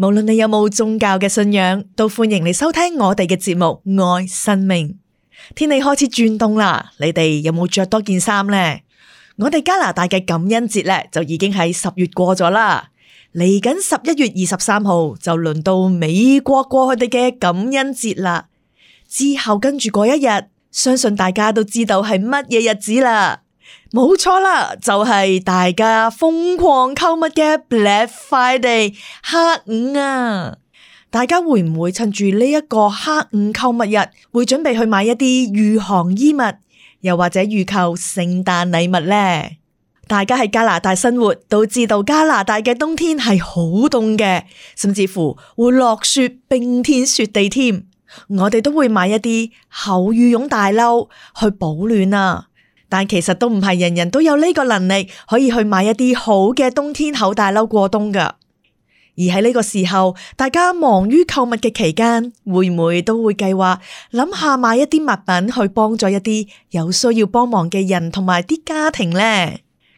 無論你有冇宗教嘅信仰，都歡迎你收聽我哋嘅節目《愛生命》。天氣開始轉凍啦，你哋有冇着多件衫呢？我哋加拿大嘅感恩節咧，就已經喺十月過咗啦。嚟緊十一月二十三號就輪到美國過佢哋嘅感恩節啦。之後跟住過一日，相信大家都知道係乜嘢日子啦。冇錯啦，就係大家瘋狂購物嘅 Black Friday 黑五啊！大家會唔會趁住呢一個黑五購物日，會準備去買一啲御寒衣物，又或者預購聖誕禮物咧？大家喺加拿大生活，都知道加拿大嘅冬天係好凍嘅，甚至乎會落雪、冰天雪地添。我哋都會買一啲厚羽絨大褸去保暖啊！但其實都唔係人人都有呢個能力可以去買一啲好嘅冬天厚大褸過冬噶。而喺呢個時候，大家忙於購物嘅期間，會唔會都會計劃諗下買一啲物品去幫助一啲有需要幫忙嘅人同埋啲家庭呢？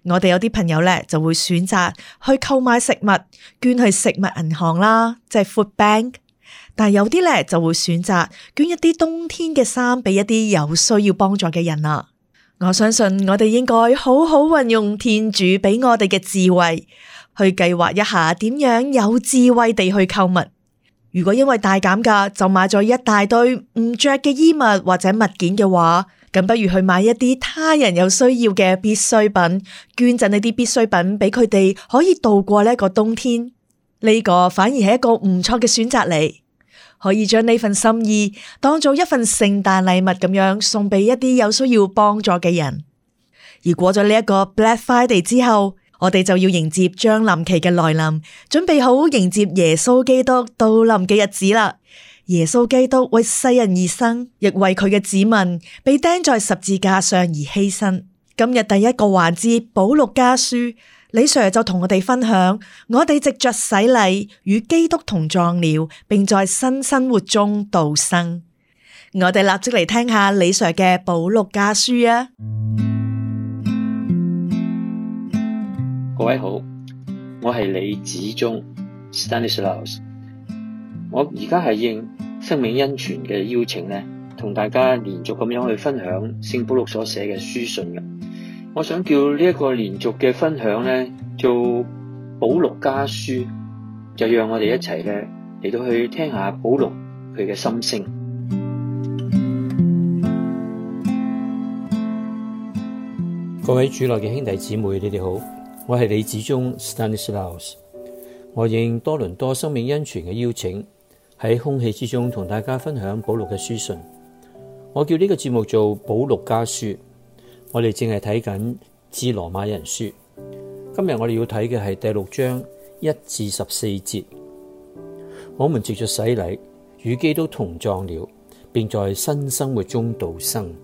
我哋有啲朋友咧就會選擇去購買食物捐去食物銀行啦，即係 Food Bank。但係有啲咧就會選擇捐一啲冬天嘅衫俾一啲有需要幫助嘅人啦。我相信我哋應該好好運用天主畀我哋嘅智慧，去計劃一下點樣有智慧地去購物。如果因為大減價就買咗一大堆唔着嘅衣物或者物件嘅話，咁不如去買一啲他人有需要嘅必需品，捐贈一啲必需品畀佢哋，可以度過呢一個冬天。呢、呢個反而係一個唔錯嘅選擇嚟。可以將呢份心意當做一份聖誕禮物咁樣送俾一啲有需要幫助嘅人。而過咗呢一個 Black Friday 之後，我哋就要迎接將臨期嘅來臨，準備好迎接耶穌基督到臨嘅日子啦。耶穌基督為世人而生，亦為佢嘅子民被釘在十字架上而犧牲。今日第一個環節，保祿家書。李 Sir 就同我哋分享，我哋藉着洗禮與基督同葬了，並在新生活中度生。我哋立即嚟聽下李 Sir 嘅《保祿家書》啊！各位好，我係李子忠 （Stanislaus），我而家係應生命恩泉嘅邀請咧，同大家連續咁樣去分享聖保祿所寫嘅書信嘅。我想叫呢一個連續嘅分享咧，做保祿家書，就讓我哋一齊咧嚟到去聽下保祿佢嘅心聲。各位主內嘅兄弟姊妹，你哋好，我係李子忠 Stanislaus，我應多倫多生命恩泉嘅邀請，喺空氣之中同大家分享保祿嘅書信。我叫呢個節目做保祿家書。我哋正係睇緊《致羅馬人書》，今日我哋要睇嘅係第六章一至十四節。我們藉着洗禮與基督同葬了，並在新生活中度生。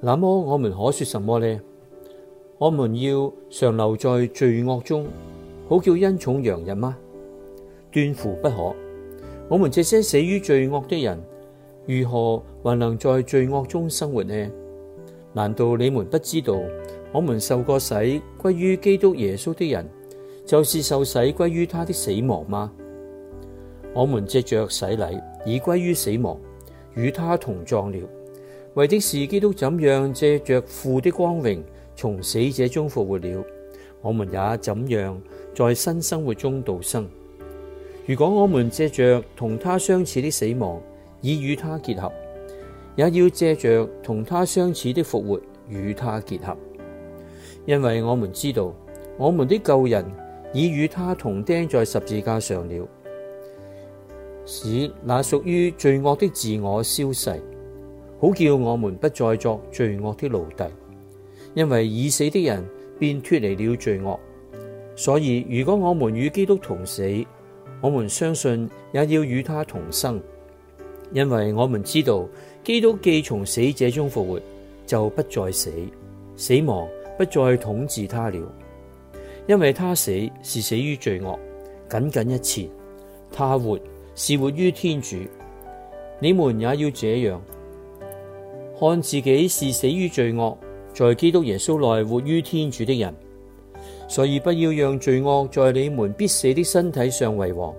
那麼我們可說什麼呢？我們要常留在罪惡中，好叫恩寵洋溢嗎？斷乎不可！我們這些死於罪惡的人，如何，還能在罪惡中生活呢？難道你們不知道我們受過洗歸於基督耶穌的人，就是受洗歸於他的死亡嗎？我們借着洗禮已歸於死亡，與他同葬了。為的是基督怎樣借着父的光榮從死者中復活了，我們也怎樣在新生活中度生。如果我們借着同他相似的死亡，已與他結合。也要借着同他相似的復活與他結合，因為我們知道，我們的舊人已與他同釘在十字架上了，使那屬於罪惡的自我消逝，好叫我們不再作罪惡的奴隸，因為已死的人便脱離了罪惡，所以如果我們與基督同死，我們相信也要與他同生，因為我們知道。基督既從死者中復活，就不再死，死亡不再統治他了，因為他死是死於罪惡，僅僅一次；他活是活於天主。你們也要這樣，看自己是死於罪惡，在基督耶穌內活於天主的人。所以不要讓罪惡在你們必死的身體上為王，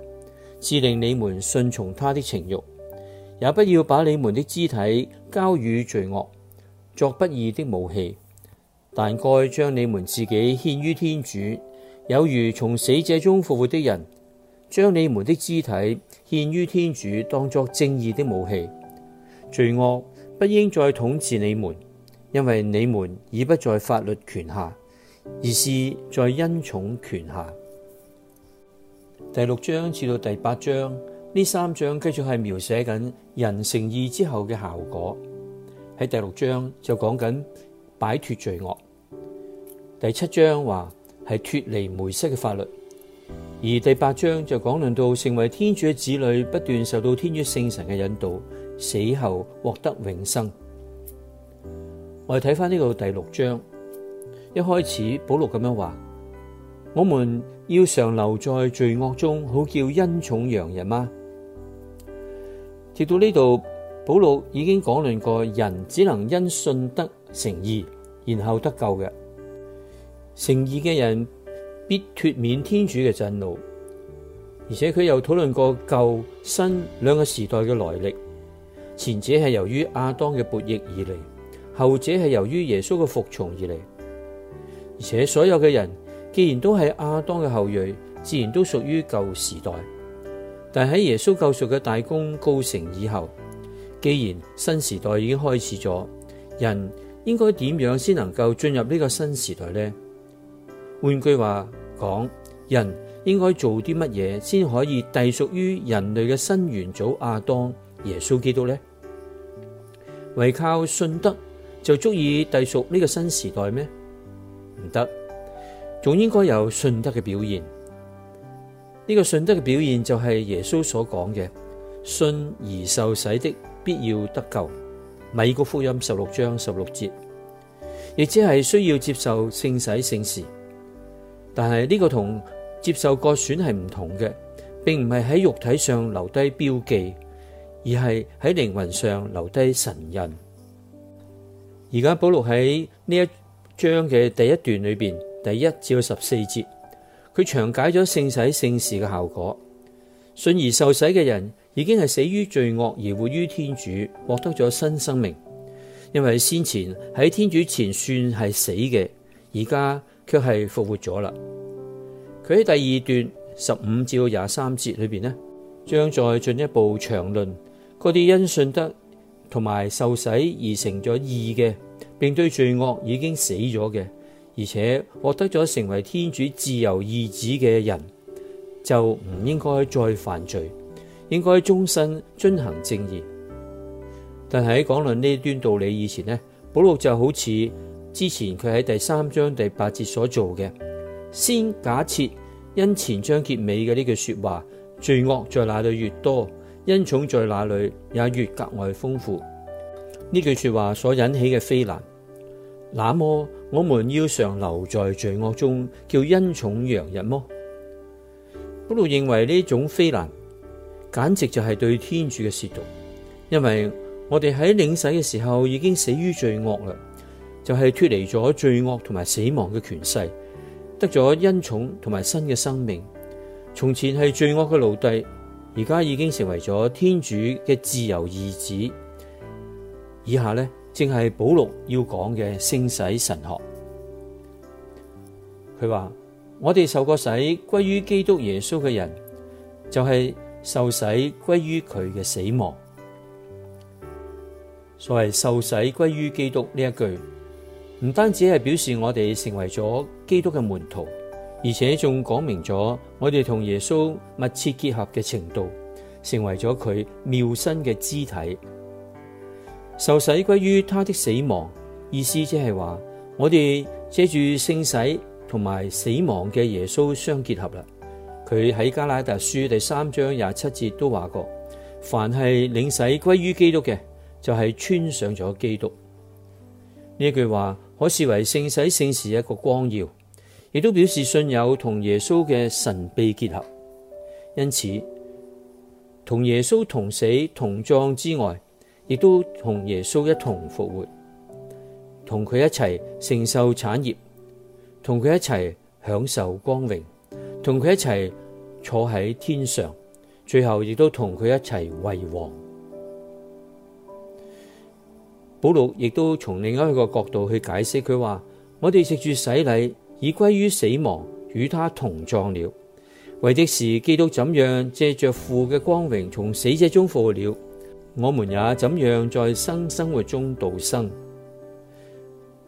致令你們順從他的情慾。也不要把你們的肢體交予罪惡作不義的武器，但該將你們自己獻於天主，有如從死者中復活的人，將你們的肢體獻於天主，當作正義的武器。罪惡不應再統治你們，因為你們已不在法律權下，而是在恩寵權下。第六章至到第八章。呢三章繼續係描寫緊人成義之後嘅效果。喺第六章就講緊擺脫罪惡，第七章話係脫離梅瑟嘅法律，而第八章就講論到成為天主嘅子女，不斷受到天主聖神嘅引導，死後獲得永生。我哋睇翻呢個第六章，一開始保祿咁樣話：「我們要常留在罪惡中，好叫恩寵洋人嗎？直到呢度，保祿已經講論過人只能因信德成義，然後得救嘅。成義嘅人必脫免天主嘅震怒。而且佢又討論過舊新兩個時代嘅來歷。前者係由於亞當嘅悖逆而嚟，後者係由於耶穌嘅服從而嚟。而且所有嘅人既然都係亞當嘅後裔，自然都屬於舊時代。但喺耶穌救贖嘅大功告成以後，既然新時代已經開始咗，人應該點樣先能夠進入呢個新時代呢？換句話講，人應該做啲乜嘢先可以隸屬於人類嘅新元祖亞當、耶穌基督呢？唯靠信德就足以隸屬呢個新時代咩？唔得，仲應該有信德嘅表現。呢個信德嘅表現就係耶穌所講嘅信而受洗的必要得救，美國福音十六章十六節，亦只係需要接受聖洗聖事。但係呢個同接受割損係唔同嘅，並唔係喺肉體上留低標記，而係喺靈魂上留低神印。而家保祿喺呢一章嘅第一段裏邊，第一至十四節。佢詳解咗聖洗聖事嘅效果，信而受洗嘅人已經係死於罪惡而活於天主，獲得咗新生命，因為先前喺天主前算係死嘅，而家卻係復活咗啦。佢喺第二段十五至廿三節裏邊呢，將再進一步詳論嗰啲因信德同埋受洗而成咗義嘅，並對罪惡已經死咗嘅。而且獲得咗成為天主自由意志嘅人，就唔應該再犯罪，應該終身遵行正義。但喺講論呢端道理以前呢，保祿就好似之前佢喺第三章第八節所做嘅，先假設因前章結尾嘅呢句說話，罪惡在哪裏越多，恩寵在哪裏也越格外豐富。呢句說話所引起嘅非難，那麼，我們要常留在罪惡中，叫恩寵洋溢麼？保祿認為呢種非難，簡直就係對天主嘅褻瀆，因為我哋喺領洗嘅時候已經死於罪惡啦，就係、是、脫離咗罪惡同埋死亡嘅權勢，得咗恩寵同埋新嘅生命。從前係罪惡嘅奴隸，而家已經成為咗天主嘅自由兒子。以下呢。正係保祿要講嘅聖洗神學。佢話：我哋受過洗歸於基督耶穌嘅人，就係、是、受洗歸於佢嘅死亡。所謂受洗歸於基督呢一句，唔單止係表示我哋成為咗基督嘅門徒，而且仲講明咗我哋同耶穌密切結合嘅程度，成為咗佢妙身嘅肢體。受洗歸於他的死亡，意思即係話我哋借住聖洗同埋死亡嘅耶穌相結合啦。佢喺迦拉達書第三章廿七節都話過：凡係領洗歸於基督嘅，就係、是、穿上咗基督。呢句話可視為聖洗聖事一個光耀，亦都表示信友同耶穌嘅神秘結合。因此，同耶穌同死同葬之外。亦都同耶穌一同復活，同佢一齊承受產業，同佢一齊享受光榮，同佢一齊坐喺天上，最後亦都同佢一齊為王。保祿亦都從另一個角度去解釋，佢話：我哋藉住洗禮，已歸於死亡，與他同葬了。為的是基督怎樣借着父嘅光榮，從死者中復活了。我們也怎樣在新生，生活中度生？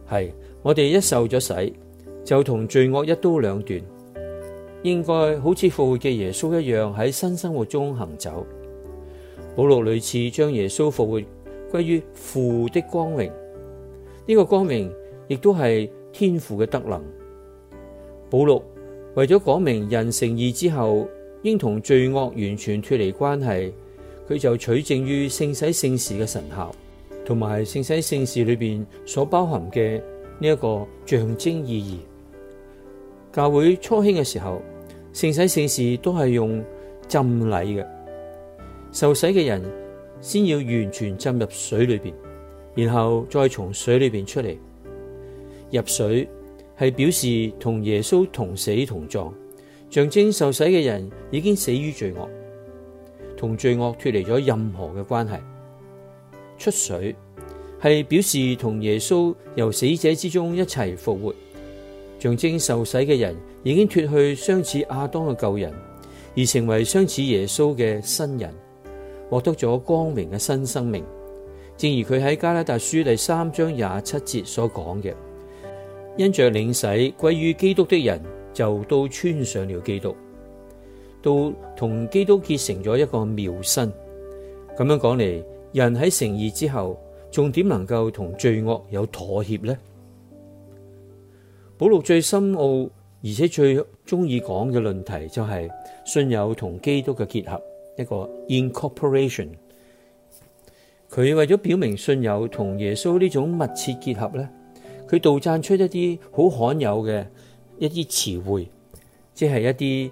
係我哋一受咗洗，就同罪惡一刀兩斷，應該好似復活嘅耶穌一樣喺新生，生活中行走。保祿屢次將耶穌復活歸於父的光榮，呢、這個光榮亦都係天父嘅德能。保祿為咗講明人成義之後應同罪惡完全脫離關係。佢就取正於聖洗聖事嘅神效，同埋聖洗聖事裏邊所包含嘅呢一個象徵意義。教會初興嘅時候，聖洗聖事都係用浸禮嘅，受洗嘅人先要完全浸入水裏邊，然後再從水裏邊出嚟。入水係表示同耶穌同死同葬，象徵受洗嘅人已經死於罪惡。同罪惡脫離咗任何嘅關係，出水係表示同耶穌由死者之中一齊復活，象徵受洗嘅人已經脫去相似亞當嘅舊人，而成為相似耶穌嘅新人，獲得咗光明嘅新生命。正如佢喺迦拉達書第三章廿七節所講嘅，因着領洗，歸於基督的人就都穿上了基督。到同基督結成咗一個妙身，咁樣講嚟，人喺成義之後，仲點能夠同罪惡有妥協呢？保祿最深奧而且最中意講嘅論題就係信友同基督嘅結合，一個 incorporation。佢為咗表明信友同耶穌呢種密切結合呢，佢杜撰出一啲好罕有嘅一啲詞彙，即係一啲。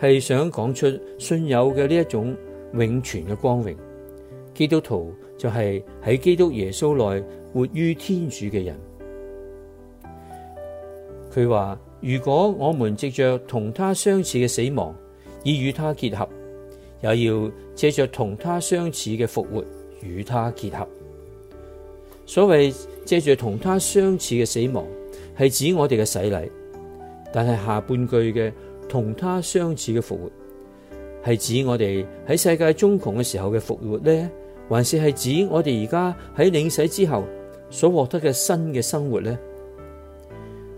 係想講出信有嘅呢一種永存嘅光榮，基督徒就係喺基督耶穌內活於天主嘅人。佢話：如果我們藉着同他相似嘅死亡，以與他結合，也要藉着同他相似嘅復活與他結合。所謂藉着同他相似嘅死亡，係指我哋嘅洗禮，但係下半句嘅。同他相似嘅復活，係指我哋喺世界中窮嘅時候嘅復活呢？還是係指我哋而家喺領洗之後所獲得嘅新嘅生活呢？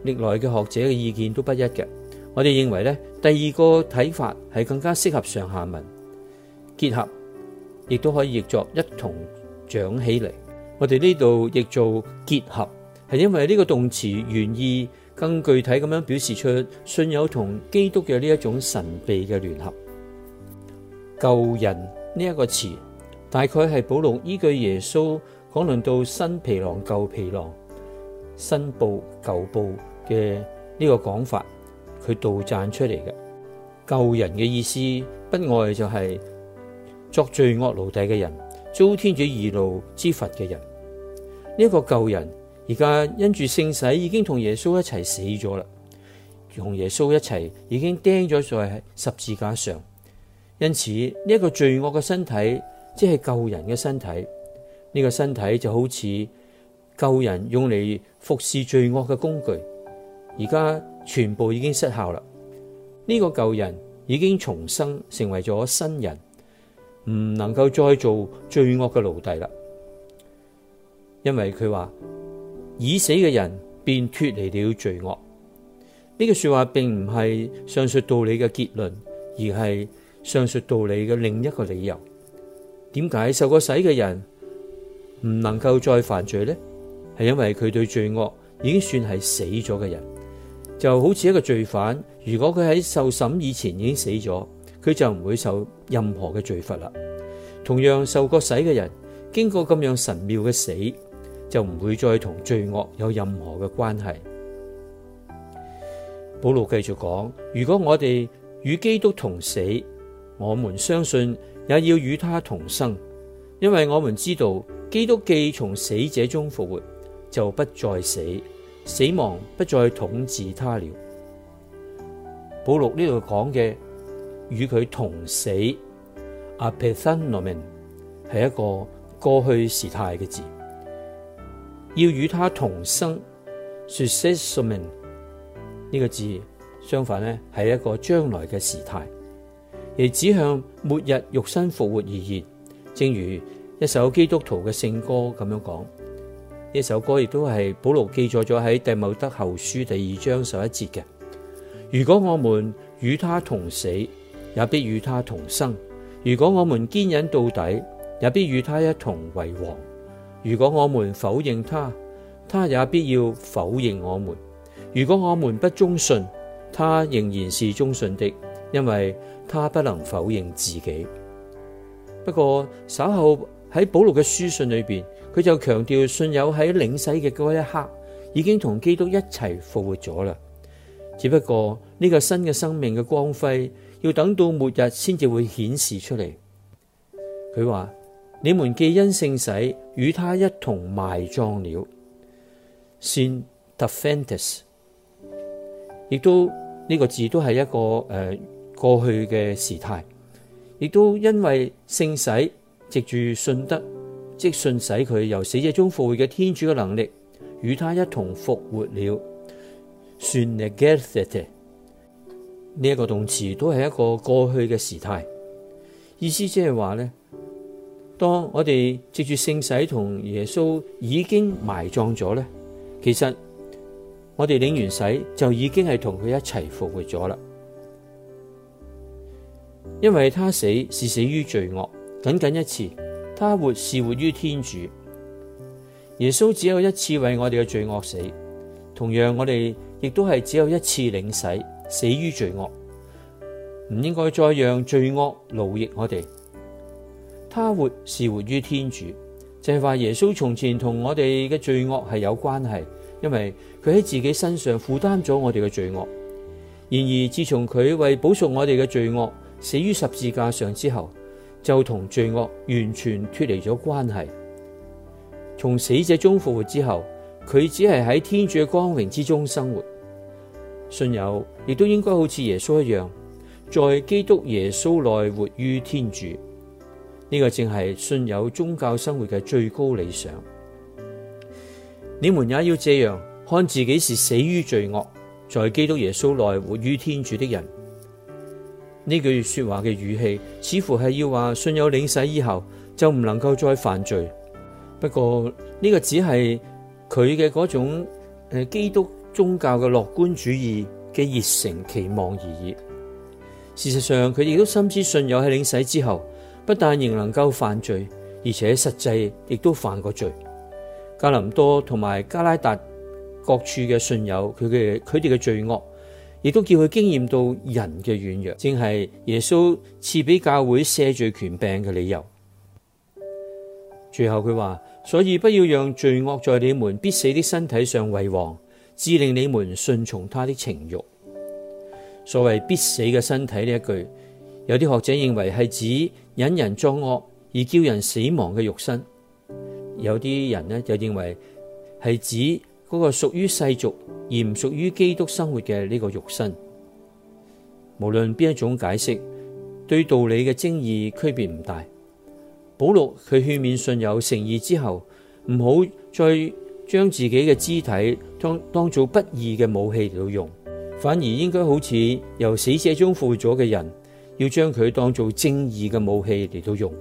歷來嘅學者嘅意見都不一嘅，我哋認為呢，第二個睇法係更加適合上下文結合，亦都可以譯作一同長起嚟。我哋呢度譯做結合，係因為呢個動詞原意。更具體咁樣表示出信友同基督嘅呢一種神秘嘅聯合。舊人呢一、這個詞，大概係保祿依據耶穌講論到新皮囊舊皮囊、新布舊布嘅呢個講法，佢杜撰出嚟嘅。舊人嘅意思，不外就係、是、作罪惡奴隸嘅人，遭天主義怒之罰嘅人。呢、這、一個舊人。而家因住聖洗已經同耶穌一齊死咗啦，同耶穌一齊已經釘咗在十字架上。因此呢一個罪惡嘅身體，即係舊人嘅身體，呢個身體就好似舊人用嚟服侍罪惡嘅工具，而家全部已經失效啦。呢個舊人已經重生成為咗新人，唔能夠再做罪惡嘅奴隸啦，因為佢話。已死嘅人便脫離了罪惡。呢句說話並唔係上述道理嘅結論，而係上述道理嘅另一個理由。點解受過洗嘅人唔能夠再犯罪呢？係因為佢對罪惡已經算係死咗嘅人，就好似一個罪犯，如果佢喺受審以前已經死咗，佢就唔會受任何嘅罪罰啦。同樣受過洗嘅人，經過咁樣神妙嘅死。就唔會再同罪惡有任何嘅關係。保祿繼續講，如果我哋與基督同死，我們相信也要與他同生，因為我們知道基督既從死者中復活，就不再死，死亡不再統治他了。保祿呢度講嘅與佢同死，Apethanomen 係一個過去時態嘅字。要與他同生，succession 呢，這個字相反呢係一個將來嘅時態，而指向末日肉身復活而言。正如一首基督徒嘅聖歌咁樣講，呢首歌亦都係保祿記載咗喺弟茂德後書第二章十一節嘅。如果我們與他同死，也必與他同生；如果我們堅忍到底，也必與他一同為王。如果我們否認他，他也必要否認我們。如果我們不忠信，他仍然是忠信的，因為他不能否認自己。不過稍後喺保祿嘅書信裏邊，佢就強調信友喺領洗嘅嗰一刻已經同基督一齊復活咗啦。只不過呢個新嘅生命嘅光輝，要等到末日先至會顯示出嚟。佢話。你們既因聖洗與他一同埋葬了，先 defantes，亦都呢、這個字都係一個誒、呃、過去嘅時態，亦都因為聖洗藉住信德，即信使佢由死者中復活嘅天主嘅能力，與他一同復活了，算 negatete 呢一個動詞都係一個過去嘅時態，意思即係話呢。當我哋藉住聖洗同耶穌已經埋葬咗呢，其實我哋領完洗就已經係同佢一齊復活咗啦。因為他死是死於罪惡，僅僅一次；他活是活於天主。耶穌只有一次為我哋嘅罪惡死，同樣我哋亦都係只有一次領洗死於罪惡，唔應該再讓罪惡奴役我哋。他活是活於天主，就係話耶穌從前同我哋嘅罪惡係有關係，因為佢喺自己身上負擔咗我哋嘅罪惡。然而自從佢為補贖我哋嘅罪惡死於十字架上之後，就同罪惡完全脫離咗關係。從死者中復活之後，佢只係喺天主嘅光榮之中生活。信友亦都應該好似耶穌一樣，在基督耶穌內活於天主。呢個正係信友宗教生活嘅最高理想。你們也要這樣看自己是死於罪惡，在基督耶穌內活於天主的人。呢句說話嘅語氣，似乎係要話信友領洗以後就唔能夠再犯罪。不過呢個只係佢嘅嗰種誒基督宗教嘅樂觀主義嘅熱誠期望而已。事實上，佢亦都深知信友喺領洗之後，不但仍能夠犯罪，而且實際亦都犯過罪。格林多同埋加拉達各處嘅信友，佢嘅佢哋嘅罪惡，亦都叫佢經驗到人嘅軟弱，正係耶穌賜俾教會赦罪權柄嘅理由。最後佢話：所以不要讓罪惡在你們必死的身體上為王，致令你們順從他的情慾。所謂必死嘅身體呢一句，有啲學者認為係指。引人作惡而叫人死亡嘅肉身，有啲人呢，就認為係指嗰個屬於世俗而唔屬於基督生活嘅呢個肉身。無論邊一種解釋，對道理嘅精義區別唔大。保祿佢勸勉信有誠意之後，唔好再將自己嘅肢體當當做不義嘅武器嚟用，反而應該好似由死者中復活咗嘅人。要將佢當做正義嘅武器嚟到用。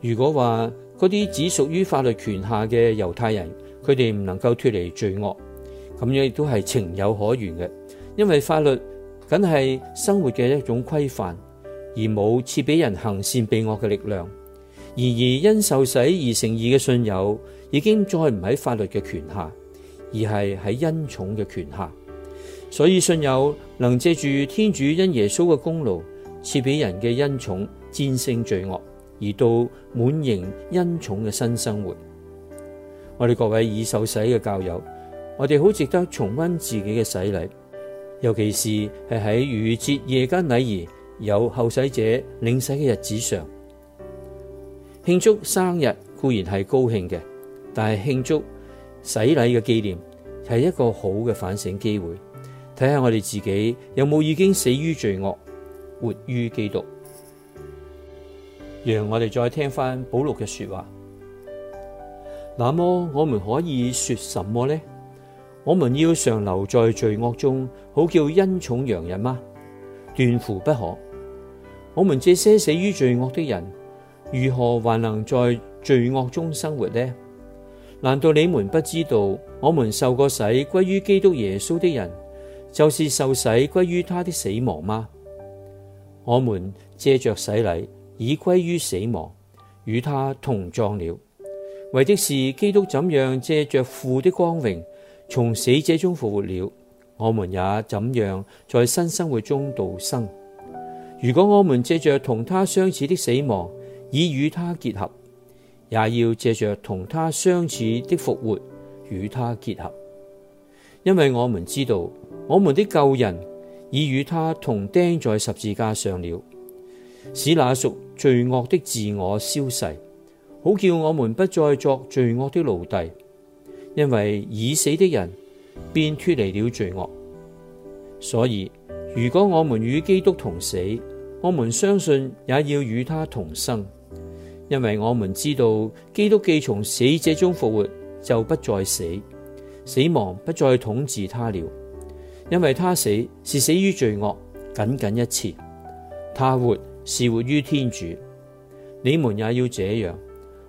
如果話嗰啲只屬於法律權下嘅猶太人，佢哋唔能夠脫離罪惡，咁樣亦都係情有可原嘅，因為法律僅係生活嘅一種規範，而冇賜俾人行善避惡嘅力量。然而，而因受洗而成義嘅信友已經再唔喺法律嘅權下，而係喺恩寵嘅權下。所以信友能借住天主因耶穌嘅功勞。賜俾人嘅恩寵，戰勝罪惡，而到滿盈恩寵嘅新生活。我哋各位已受洗嘅教友，我哋好值得重溫自己嘅洗禮，尤其是係喺逾節夜間禮儀有候洗者領洗嘅日子上，慶祝生日固然係高興嘅，但係慶祝洗禮嘅紀念係一個好嘅反省機會，睇下我哋自己有冇已經死於罪惡。活於基督，讓我哋再聽翻保祿嘅說話。那麼我們可以說什麼呢？我們要常留在罪惡中，好叫恩寵洋溢嗎？斷乎不可。我們這些死於罪惡的人，如何還能在罪惡中生活呢？難道你們不知道，我們受過洗歸於基督耶穌的人，就是受洗歸於他的死亡嗎？我們借着洗禮，已歸於死亡，與他同葬了。為的是基督怎樣借着父的光榮，從死者中復活了，我們也怎樣在新生活中度生。如果我們借着同他相似的死亡，已與他結合，也要借着同他相似的復活，與他結合。因為我們知道我們的舊人。已與他同釘在十字架上了，使那屬罪惡的自我消逝，好叫我們不再作罪惡的奴隸。因為已死的人，便脫離了罪惡。所以，如果我們與基督同死，我們相信也要與他同生。因為我們知道，基督既從死者中復活，就不再死，死亡不再統治他了。因為他死是死於罪惡，僅僅一次；他活是活於天主。你們也要這樣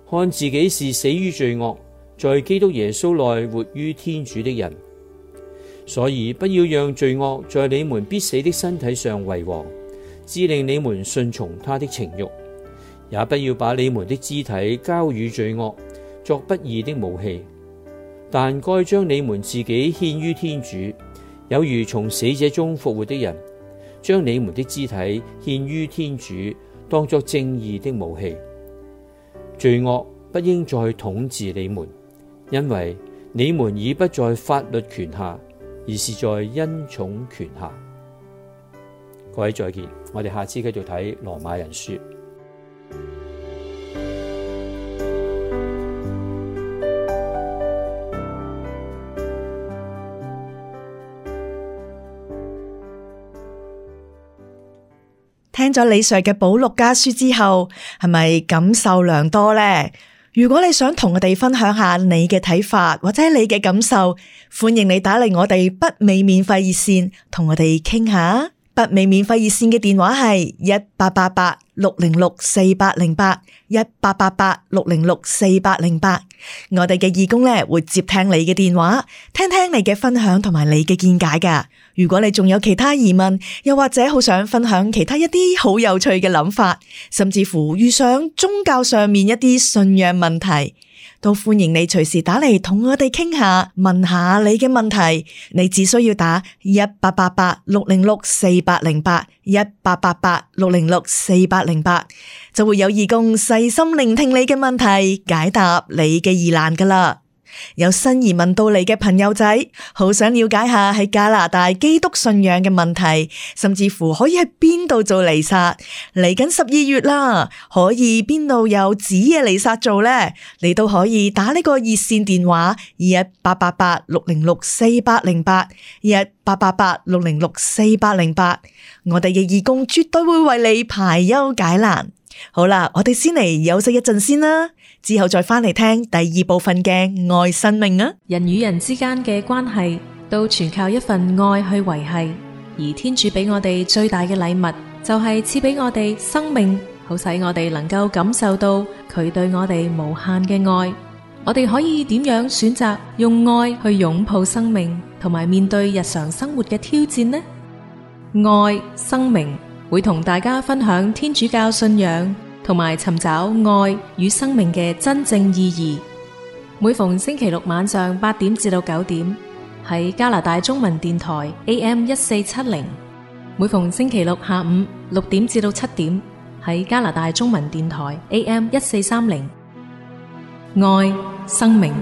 看自己，是死於罪惡，在基督耶穌內活於天主的人。所以不要讓罪惡在你們必死的身體上為王，致令你們順從他的情欲；也不要把你們的肢體交與罪惡，作不義的武器。但該將你們自己獻於天主。有如從死者中復活的人，將你們的肢體獻於天主，當作正義的武器。罪惡不應再統治你們，因為你們已不在法律權下，而是在恩寵權下。各位，再見，我哋下次繼續睇羅馬人書。咗李 Sir 嘅《保祿家書》之後，係咪感受良多呢？如果你想同我哋分享下你嘅睇法，或者你嘅感受，歡迎你打嚟我哋北美免費熱線，同我哋傾下。北美免費熱線嘅電話係一八八八六零六四八零八一八八八六零六四八零八。我哋嘅義工咧會接聽你嘅電話，聽聽你嘅分享同埋你嘅見解噶。如果你仲有其他疑問，又或者好想分享其他一啲好有趣嘅諗法，甚至乎遇上宗教上面一啲信仰問題，都歡迎你隨時打嚟同我哋傾下，問下你嘅問題。你只需要打一八八八六零六四八零八，一八八八六零六四八零八，就會有義工細心聆聽你嘅問題，解答你嘅疑難㗎喇。有新移民到嚟嘅朋友仔，好想了解下喺加拿大基督信仰嘅問題，甚至乎可以喺邊度做彌撒？嚟緊十二月啦，可以邊度有紙嘅彌撒做咧？你都可以打呢個熱線電話：二一八八八六零六四八零八，二一八八八六零六四八零八。我哋嘅義工絕對會為你排憂解難。好啦，我哋先嚟休息一陣先啦，之後再翻嚟聽第二部分嘅愛生命啊！人與人之間嘅關係都全靠一份愛去維繫，而天主俾我哋最大嘅禮物，就係賜俾我哋生命，好使我哋能夠感受到佢對我哋無限嘅愛。我哋可以點樣選擇用愛去擁抱生命，同埋面對日常生活嘅挑戰呢？愛生命。會同大家分享天主教信仰，同埋尋找愛與生命嘅真正意義。每逢星期六晚上八點至到九點，喺加拿大中文電台 AM 一四七零；每逢星期六下午六點至到七點，喺加拿大中文電台 AM 一四三零。愛，生命。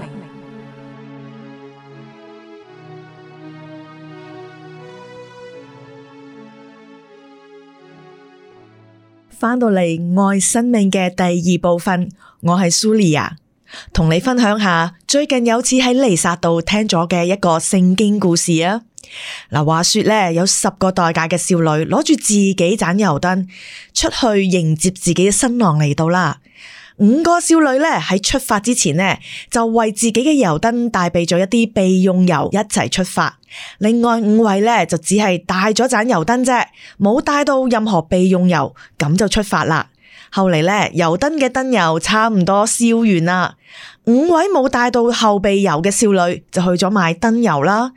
返到嚟愛生命嘅第二部分，我係蘇麗亞，同你分享下最近有次喺彌撒度聽咗嘅一個聖經故事啊！嗱，話說咧有十個代價嘅少女，攞住自己盞油燈，出去迎接自己嘅新郎嚟到啦。五個少女咧喺出發之前咧，就為自己嘅油燈帶備咗一啲備用油一齊出發。另外五位咧就只係帶咗盞油燈啫，冇帶到任何備用油，咁就出發啦。後嚟咧，油燈嘅燈油差唔多燒完啦，五位冇帶到後備油嘅少女就去咗買燈油啦。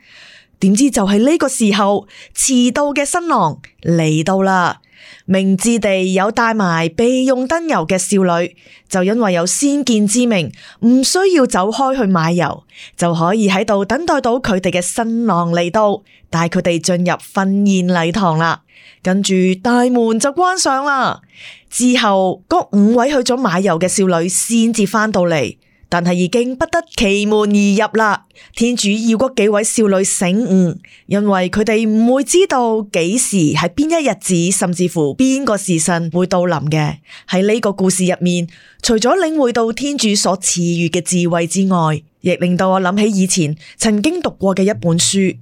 點知就係呢個時候，遲到嘅新郎嚟到啦。明智地有帶埋備用燈油嘅少女，就因為有先見之明，唔需要走開去買油，就可以喺度等待到佢哋嘅新郎嚟到，帶佢哋進入婚宴禮堂啦。跟住大門就關上啦。之後嗰五位去咗買油嘅少女先至返到嚟。但係已經不得其門而入啦，天主要嗰幾位少女醒悟，因為佢哋唔會知道幾時喺邊一日子，甚至乎邊個時辰會到臨嘅。喺呢個故事入面，除咗領會到天主所賜予嘅智慧之外，亦令到我諗起以前曾經讀過嘅一本書，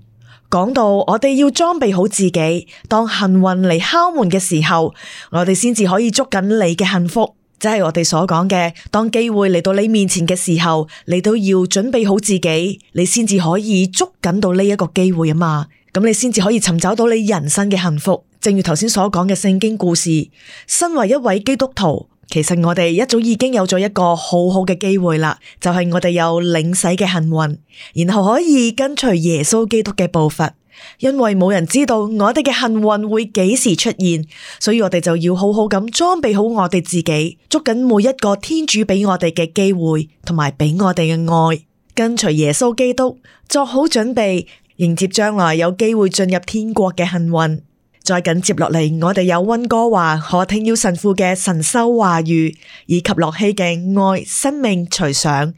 講到我哋要裝備好自己，當幸運嚟敲門嘅時候，我哋先至可以捉緊你嘅幸福。即係我哋所講嘅，當機會嚟到你面前嘅時候，你都要準備好自己，你先至可以捉緊到呢一個機會啊嘛！咁你先至可以尋找到你人生嘅幸福。正如頭先所講嘅聖經故事，身為一位基督徒，其實我哋一早已經有咗一個好好嘅機會啦，就係我哋有領洗嘅幸運，然後可以跟隨耶穌基督嘅步伐。因為冇人知道我哋嘅幸運會幾時出現，所以我哋就要好好咁裝備好我哋自己，捉緊每一個天主俾我哋嘅機會，同埋俾我哋嘅愛，跟隨耶穌基督，作好準備迎接將來有機會進入天國嘅幸運。再緊接落嚟，我哋有溫哥華何挺耀神父嘅神修話語，以及駱曦嘅愛生命隨想。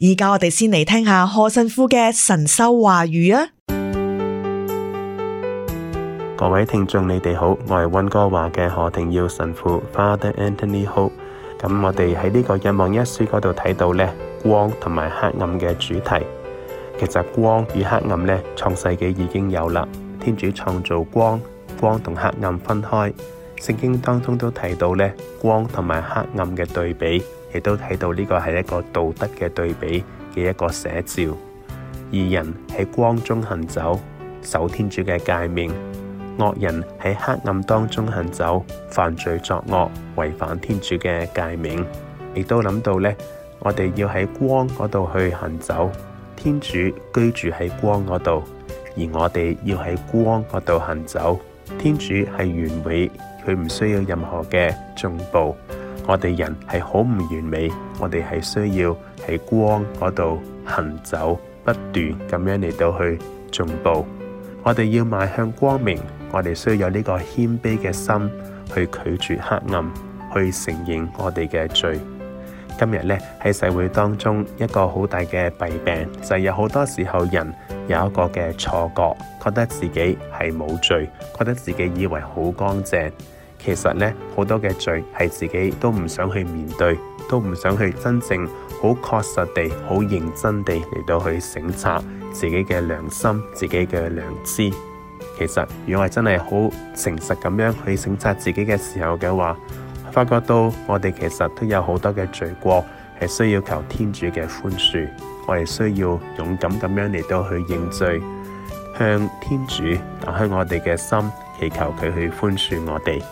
而家我哋先嚟聽，聽下何神父嘅神修話語啊！各位聽眾，你哋好，我係溫哥華嘅何廷耀神父 Father Anthony Ho。咁我哋喺呢個若望一書嗰度睇到呢，光同埋黑暗嘅主題。其實光與黑暗呢，創世紀已經有啦。天主創造光，光同黑暗分開。聖經當中都提到呢，光同埋黑暗嘅對比，亦都睇到呢個係一個道德嘅對比嘅一個寫照。二人喺光中行走，守天主嘅誡命。惡人喺黑暗當中行走，犯罪作惡，違反天主嘅誡命。亦都諗到咧，我哋要喺光嗰度去行走。天主居住喺光嗰度，而我哋要喺光嗰度行走。天主係完美，佢唔需要任何嘅進步。我哋人係好唔完美，我哋係需要喺光嗰度行走，不斷咁樣嚟到去進步。我哋要邁向光明。我哋需要有呢個謙卑嘅心，去拒絕黑暗，去承認我哋嘅罪。今日呢，喺社會當中，一個好大嘅弊病就係有好多時候人有一個嘅錯覺，覺得自己係冇罪，覺得自己以為好乾淨。其實呢，好多嘅罪係自己都唔想去面對，都唔想去真正好確實地，好認真地嚟到去省察自己嘅良心、自己嘅良知。其實，如果我真係好誠實咁樣去省察自己嘅時候嘅話，發覺到我哋其實都有好多嘅罪過，係需要求天主嘅寬恕。我哋需要勇敢咁樣嚟到去認罪，向天主打開，打開我哋嘅心，祈求佢去寬恕我哋。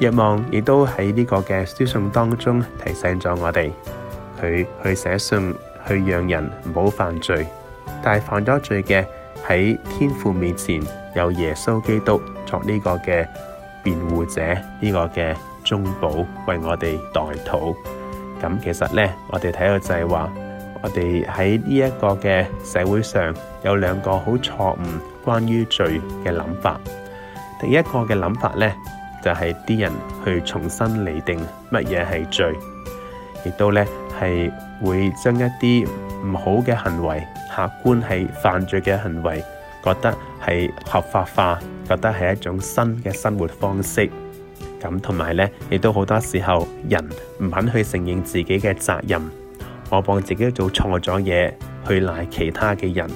若望亦都喺呢個嘅書信當中提醒咗我哋，佢去寫信去讓人唔好犯罪，但係犯咗罪嘅。喺天父面前有耶穌基督作呢個嘅辯護者，呢、這個嘅中保為我哋代禱。咁其實呢，我哋睇到就係話，我哋喺呢一個嘅社會上，有兩個好錯誤關於罪嘅諗法。第一個嘅諗法呢，就係、是、啲人去重新釐定乜嘢係罪，亦都呢係會將一啲唔好嘅行為。客觀係犯罪嘅行為，覺得係合法化，覺得係一種新嘅生活方式。咁同埋呢，亦都好多時候人唔肯去承認自己嘅責任，我幫自己做錯咗嘢，去賴其他嘅人，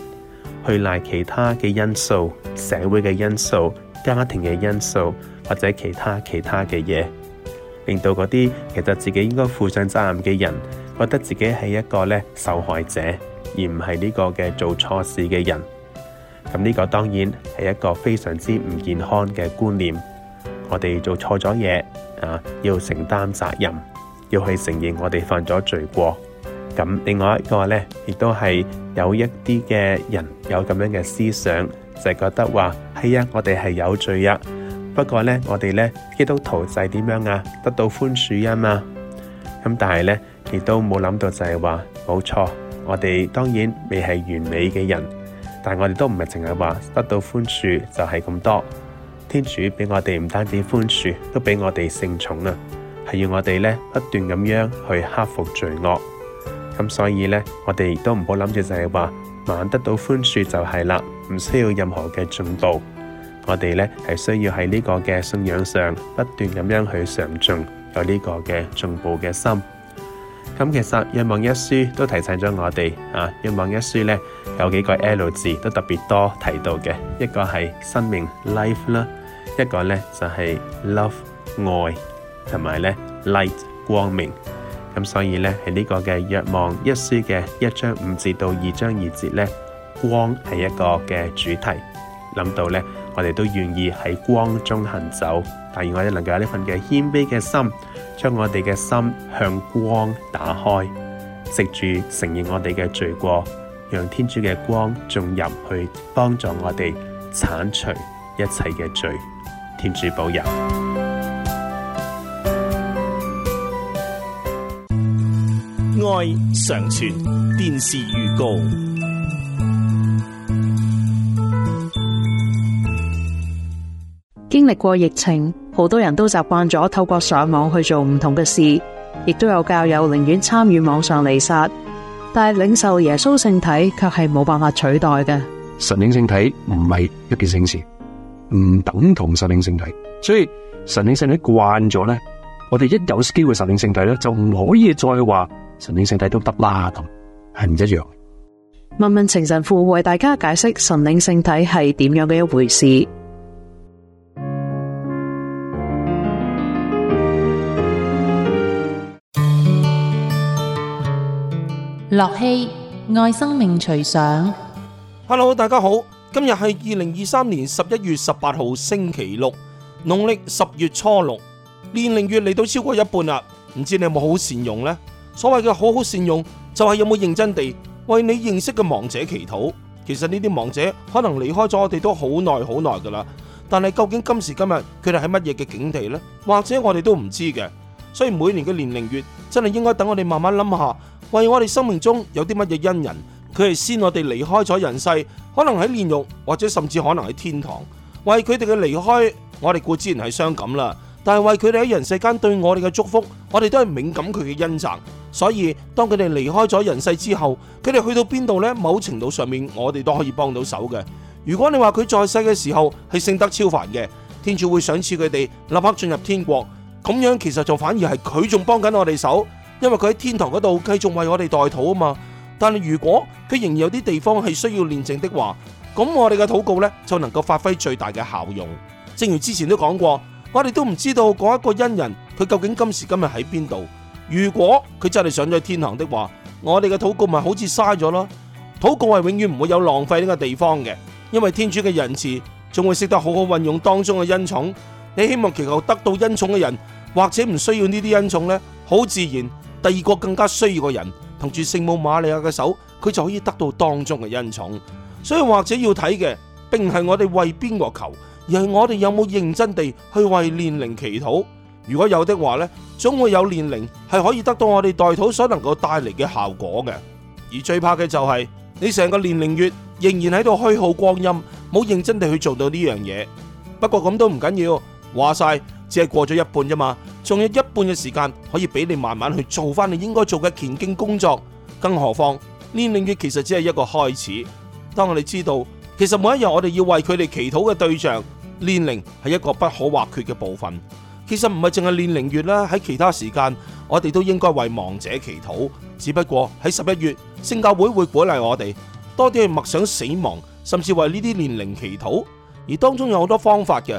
去賴其他嘅因素、社會嘅因素、家庭嘅因素或者其他其他嘅嘢，令到嗰啲其實自己應該負上責任嘅人，覺得自己係一個呢受害者。而唔係呢個嘅做錯事嘅人，咁呢個當然係一個非常之唔健康嘅觀念。我哋做錯咗嘢啊，要承擔責任，要去承認我哋犯咗罪過。咁另外一個呢，亦都係有一啲嘅人有咁樣嘅思想，就係、是、覺得話係呀，hey, 我哋係有罪啊，不過呢，我哋呢，基督徒就係點樣啊，得到寬恕啊嘛。咁但係呢，亦都冇諗到就係話冇錯。我哋當然未係完美嘅人，但我哋都唔係淨係話得到寬恕就係咁多。天主俾我哋唔單止寬恕，都俾我哋聖寵啊，係要我哋呢不斷咁樣去克服罪惡。咁所以呢，我哋都唔好諗住就係話，得得到寬恕就係啦，唔需要任何嘅進步。我哋呢係需要喺呢個嘅信仰上，不斷咁樣去上進，有呢個嘅進步嘅心。咁其實《若望一書》都提醒咗我哋啊，《若望一書》咧有幾個 L 字都特別多提到嘅，一個係生命 life 啦，一個咧就係 love 愛，同埋咧 light 光明。咁所以咧喺呢個嘅《若望一書》嘅一章五節到二章二節咧，光係一個嘅主題。諗到咧。我哋都願意喺光中行走，但願我哋能夠有呢份嘅謙卑嘅心，將我哋嘅心向光打開，藉住承認我哋嘅罪過，讓天主嘅光進入去幫助我哋鏟除一切嘅罪。天主保佑。愛常存，電視預告。經歷過疫情，好多人都習慣咗透過上網去做唔同嘅事，亦都有教友寧願參與網上彌撒。但係領受耶穌聖體卻係冇辦法取代嘅。神領聖體唔係一件聖事，唔等同神領聖體，所以神領聖體慣咗咧，我哋一有機會神領聖體咧，就唔可以再話神領聖體都得啦，咁係唔一樣。問問情神父為大家解釋神領聖體係點樣嘅一回事。駱曦愛生命隨想，Hello，大家好，今日係二零二三年十一月十八號星期六，農曆十月初六，年齡月嚟到超過一半啦，唔知你有冇好善用呢？所謂嘅好好善用，就係、是、有冇認真地為你認識嘅亡者祈禱。其實呢啲亡者可能離開咗我哋都好耐好耐噶啦，但係究竟今時今日佢哋係乜嘢嘅境地呢？或者我哋都唔知嘅。所以每年嘅年齡月真係應該等我哋慢慢諗下。.為我哋生命中有啲乜嘢恩人，佢係先我哋離開咗人世，可能喺煉獄或者甚至可能喺天堂。為佢哋嘅離開，我哋固然係傷感啦，但係為佢哋喺人世間對我哋嘅祝福，我哋都係敏感佢嘅恩澤。所以當佢哋離開咗人世之後，佢哋去到邊度呢？某程度上面我哋都可以幫到手嘅。如果你話佢在世嘅時候係聖德超凡嘅，天主會想賜佢哋立刻進入天國，咁樣其實就反而係佢仲幫緊我哋手。因為佢喺天堂嗰度繼續為我哋代禱啊嘛，但係如果佢仍然有啲地方係需要煉淨的話，咁我哋嘅禱告咧就能夠發揮最大嘅效用。正如之前都講過，我哋都唔知道嗰一個恩人佢究竟今時今日喺邊度。如果佢真係上咗天堂的話，我哋嘅禱告咪好似嘥咗咯。禱告係永遠唔會有浪費呢個地方嘅，因為天主嘅仁慈仲會識得好好運用當中嘅恩寵。你希望祈求得到恩寵嘅人，或者唔需要呢啲恩寵咧，好自然。第二個更加需要個人同住聖母瑪利亞嘅手，佢就可以得到當中嘅恩寵。所以或者要睇嘅，並唔係我哋為邊個求，而係我哋有冇認真地去為煉靈祈禱。如果有的話呢，總會有煉靈係可以得到我哋代禱所能夠帶嚟嘅效果嘅。而最怕嘅就係你成個煉靈月仍然喺度虛耗光陰，冇認真地去做到呢樣嘢。不過咁都唔緊要。話晒只係過咗一半啫嘛，仲有一半嘅時間可以俾你慢慢去做翻你應該做嘅虔敬工作。更何況煉靈月其實只係一個開始。當我哋知道其實每一日我哋要為佢哋祈禱嘅對象，煉靈係一個不可或缺嘅部分。其實唔係淨係煉靈月啦，喺其他時間我哋都應該為亡者祈禱。只不過喺十一月聖教會會鼓勵我哋多啲去默想死亡，甚至為呢啲煉靈祈禱。而當中有好多方法嘅。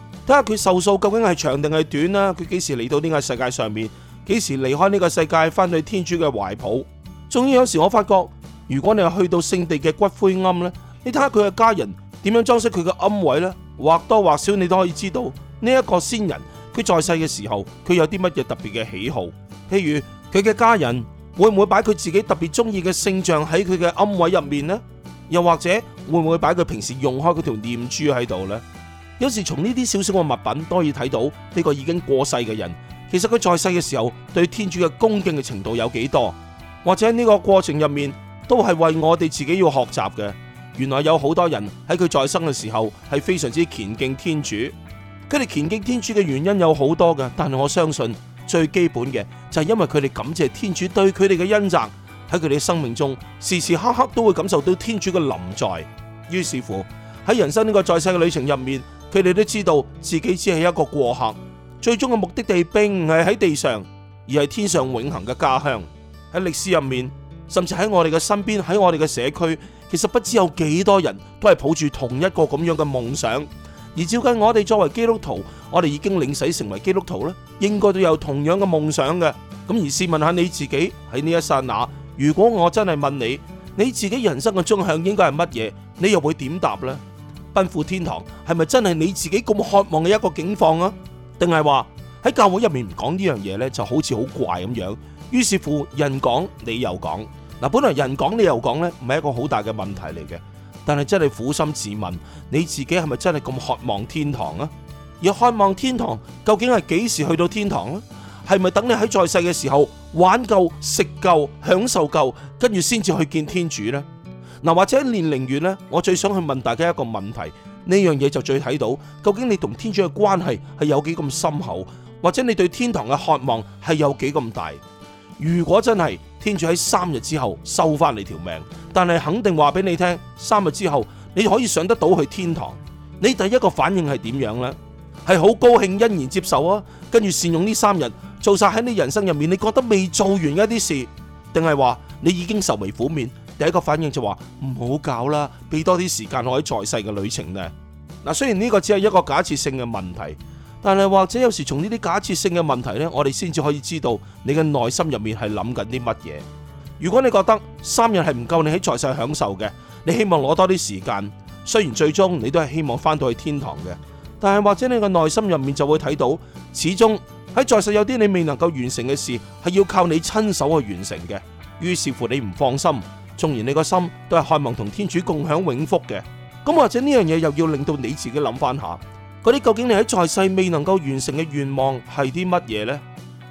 睇下佢壽數究竟係長定係短啦，佢幾時嚟到呢個世界上面，幾時離開呢個世界翻去天主嘅懷抱？仲有有時我發覺，如果你去到聖地嘅骨灰龕呢，你睇下佢嘅家人點樣裝飾佢嘅龕位呢？或多或少你都可以知道呢一個先人佢在世嘅時候佢有啲乜嘢特別嘅喜好，譬如佢嘅家人會唔會擺佢自己特別中意嘅聖像喺佢嘅龕位入面呢？又或者會唔會擺佢平時用開嗰條念珠喺度呢？有時從呢啲少少嘅物品，都可以睇到呢個已經過世嘅人，其實佢在世嘅時候對天主嘅恭敬嘅程度有幾多，或者呢個過程入面都係為我哋自己要學習嘅。原來有好多人喺佢在生嘅時候係非常之虔敬天主，佢哋虔敬天主嘅原因有好多嘅，但係我相信最基本嘅就係因為佢哋感謝天主對佢哋嘅恩澤，喺佢哋嘅生命中時時刻刻都會感受到天主嘅臨在。於是乎喺人生呢個在世嘅旅程入面，佢哋都知道自己只係一個過客，最終嘅目的地並唔係喺地上，而係天上永恒嘅家鄉。喺歷史入面，甚至喺我哋嘅身邊，喺我哋嘅社區，其實不知有幾多人都係抱住同一個咁樣嘅夢想。而照緊我哋作為基督徒，我哋已經領洗成為基督徒咧，應該都有同樣嘅夢想嘅。咁而試問下你自己，喺呢一剎那，如果我真係問你，你自己人生嘅終向應該係乜嘢，你又會點答呢？奔赴天堂係咪真係你自己咁渴望嘅一個境況啊？定係話喺教會入面唔講呢樣嘢呢，就好似好怪咁樣。於是乎，人講你又講嗱，本來人講你又講呢，唔係一個好大嘅問題嚟嘅。但係真係苦心自問，你自己係咪真係咁渴望天堂啊？而渴望天堂究竟係幾時去到天堂啊？係咪等你喺在世嘅時候玩夠食夠享受夠，跟住先至去見天主呢？嗱或者年齡月呢，我最想去問大家一個問題，呢樣嘢就最睇到，究竟你同天主嘅關係係有幾咁深厚，或者你對天堂嘅渴望係有幾咁大？如果真係天主喺三日之後收翻你條命，但係肯定話俾你聽，三日之後你可以上得到去天堂，你第一個反應係點樣呢？係好高興欣然接受啊，跟住善用呢三日，做晒喺你人生入面，你覺得未做完嘅一啲事，定係話你已經愁眉苦面？第一個反應就話唔好搞啦，俾多啲時間我喺在世嘅旅程呢。嗱，雖然呢個只係一個假設性嘅問題，但係或者有時從呢啲假設性嘅問題呢，我哋先至可以知道你嘅內心入面係諗緊啲乜嘢。如果你覺得三日係唔夠你喺在，在世享受嘅，你希望攞多啲時間。雖然最終你都係希望翻到去天堂嘅，但係或者你嘅內心入面就會睇到，始終喺在，在世有啲你未能夠完成嘅事，係要靠你親手去完成嘅。於是乎，你唔放心。縱然你個心都係渴望同天主共享永福嘅，咁或者呢樣嘢，又要令到你自己諗翻下，嗰啲究竟你喺在，在世未能夠完成嘅願望係啲乜嘢呢？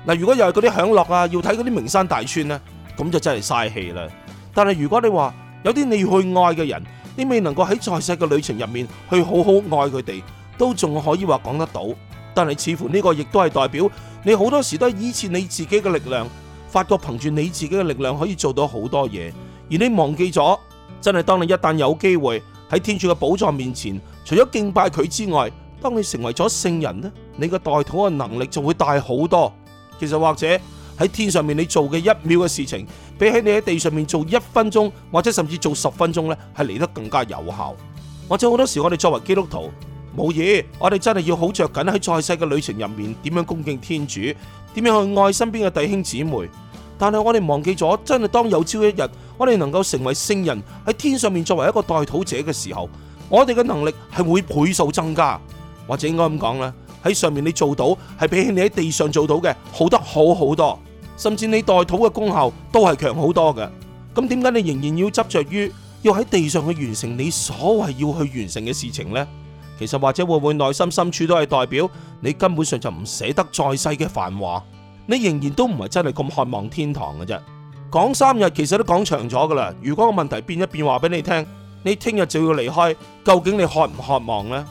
嗱，如果又係嗰啲享樂啊，要睇嗰啲名山大川呢，咁就真係嘥氣啦。但係如果你話有啲你去愛嘅人，你未能夠喺在世嘅旅程入面去好好愛佢哋，都仲可以話講得到。但係似乎呢個亦都係代表你好多時都係依恃你自己嘅力量，發覺憑住你自己嘅力量可以做到好多嘢。而你忘記咗，真係當你一旦有機會喺天主嘅寶藏面前，除咗敬拜佢之外，當你成為咗聖人咧，你嘅代禱嘅能力就會大好多。其實或者喺天上面你做嘅一秒嘅事情，比起你喺地上面做一分鐘，或者甚至做十分鐘咧，係嚟得更加有效。或者好多時我哋作為基督徒，冇嘢，我哋真係要好着緊喺在世嘅旅程入面，點樣恭敬天主，點樣去愛身邊嘅弟兄姊妹。但係我哋忘記咗，真係當有朝一日我哋能夠成為聖人喺天上面作為一個代禱者嘅時候，我哋嘅能力係會倍數增加，或者應該咁講啦，喺上面你做到係比起你喺地上做到嘅好得好好多，甚至你代禱嘅功效都係強好多嘅。咁點解你仍然要執着於要喺地上去完成你所謂要去完成嘅事情呢？其實或者會唔會內心深處都係代表你根本上就唔捨得在世嘅繁華？你仍然都唔係真係咁渴望天堂嘅啫，講三日其實都講長咗噶啦。如果個問題變一變，話俾你聽，你聽日就要離開，究竟你渴唔渴望呢？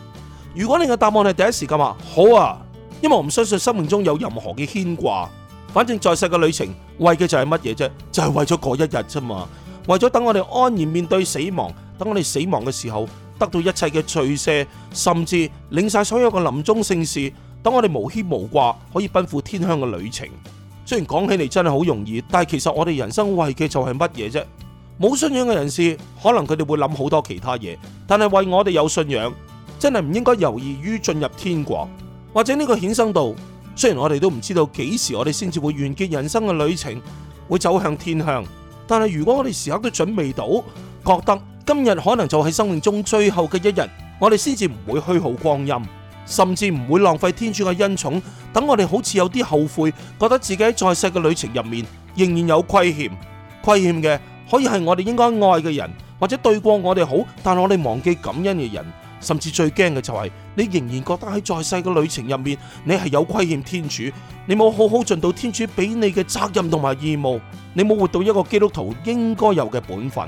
如果你嘅答案係第一時間話好啊，因為我唔相信生命中有任何嘅牽掛，反正在世嘅旅程為嘅就係乜嘢啫？就係、是、為咗嗰一日啫嘛，為咗等我哋安然面對死亡，等我哋死亡嘅時候得到一切嘅罪赦，甚至領晒所有嘅臨終聖事。等我哋無牽無掛可以奔赴天鄉嘅旅程，雖然講起嚟真係好容易，但係其實我哋人生為嘅就係乜嘢啫？冇信仰嘅人士可能佢哋會諗好多其他嘢，但係為我哋有信仰，真係唔應該猶豫於進入天國，或者呢個衍生道。雖然我哋都唔知道幾時我哋先至會完結人生嘅旅程，會走向天鄉，但係如果我哋時刻都準備到，覺得今日可能就係生命中最後嘅一日，我哋先至唔會虛耗光陰。甚至唔會浪費天主嘅恩寵，等我哋好似有啲後悔，覺得自己喺在世嘅旅程入面仍然有虧欠，虧欠嘅可以係我哋應該愛嘅人，或者對過我哋好，但我哋忘記感恩嘅人。甚至最驚嘅就係你仍然覺得喺在世嘅旅程入面，你係有虧欠天主，你冇好好盡到天主俾你嘅責任同埋義務，你冇活到一個基督徒應該有嘅本分。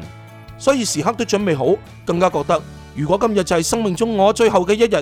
所以時刻都準備好，更加覺得如果今日就係生命中我最後嘅一日。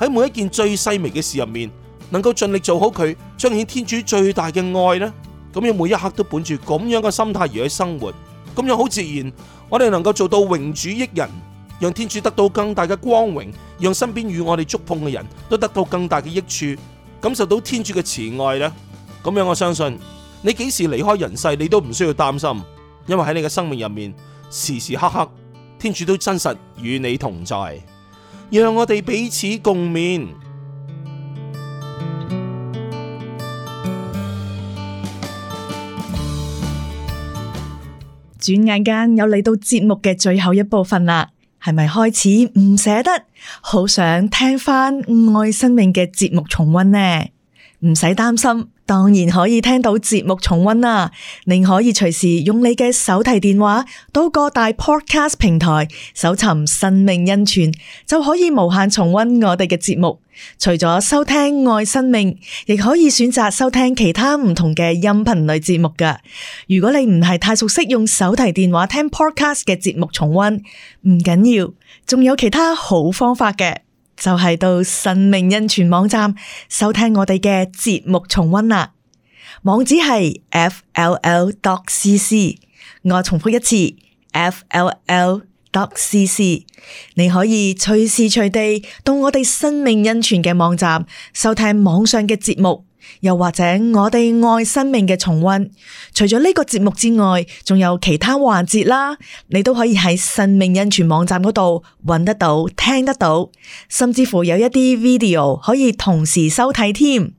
喺每一件最細微嘅事入面，能夠盡力做好佢，彰顯天主最大嘅愛呢，咁樣每一刻都本住咁樣嘅心態而去生活，咁樣好自然，我哋能夠做到榮主益人，讓天主得到更大嘅光榮，讓身邊與我哋觸碰嘅人都得到更大嘅益處，感受到天主嘅慈愛呢，咁樣我相信，你幾時離開人世，你都唔需要擔心，因為喺你嘅生命入面，時時刻刻天主都真實與你同在。讓我哋彼此共勉。轉眼間又嚟到節目嘅最後一部分啦，係咪開始唔捨得？好想聽翻愛生命嘅節目重溫呢？唔使擔心。當然可以聽到節目重溫啦，你可以隨時用你嘅手提電話到各大 podcast 平台搜尋生命恩泉，就可以無限重溫我哋嘅節目。除咗收聽愛生命，亦可以選擇收聽其他唔同嘅音頻類節目㗎。如果你唔係太熟悉用手提電話聽 podcast 嘅節目重溫，唔緊要，仲有其他好方法嘅。就係到生命恩泉網站收聽我哋嘅節目重溫啦，網址係 fll.cc，我重複一次 fll.cc，你可以隨時隨地到我哋生命恩泉嘅網站收聽網上嘅節目。又或者我哋愛生命嘅重溫，除咗呢個節目之外，仲有其他環節啦，你都可以喺生命恩泉網站嗰度揾得到、聽得到，甚至乎有一啲 video 可以同時收睇添。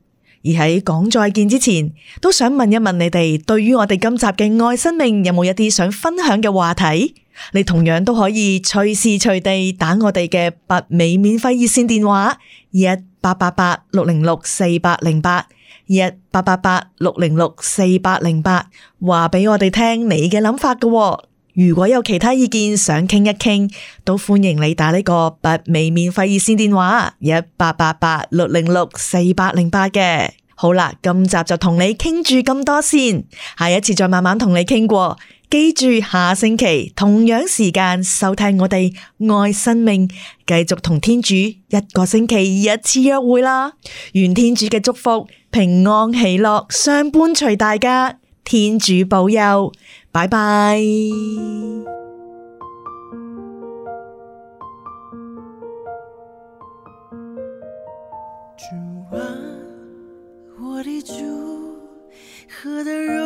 而喺講再見之前，都想問一問你哋，對於我哋今集嘅愛生命有冇一啲想分享嘅話題？你同樣都可以隨時隨地打我哋嘅北美免費熱線電話一八八八六零六四八零八一八八八六零六四八零八，話俾我哋聽你嘅諗法噶。如果有其他意見想傾一傾，都歡迎你打呢個北美免費熱線電話一八八八六零六四八零八嘅。好啦，今集就同你傾住咁多先，下一次再慢慢同你傾過。記住下星期同樣時間，收聽我哋愛生命，繼續同天主一個星期一次約會啦！願天主嘅祝福平安喜樂相伴隨大家，天主保佑，拜拜。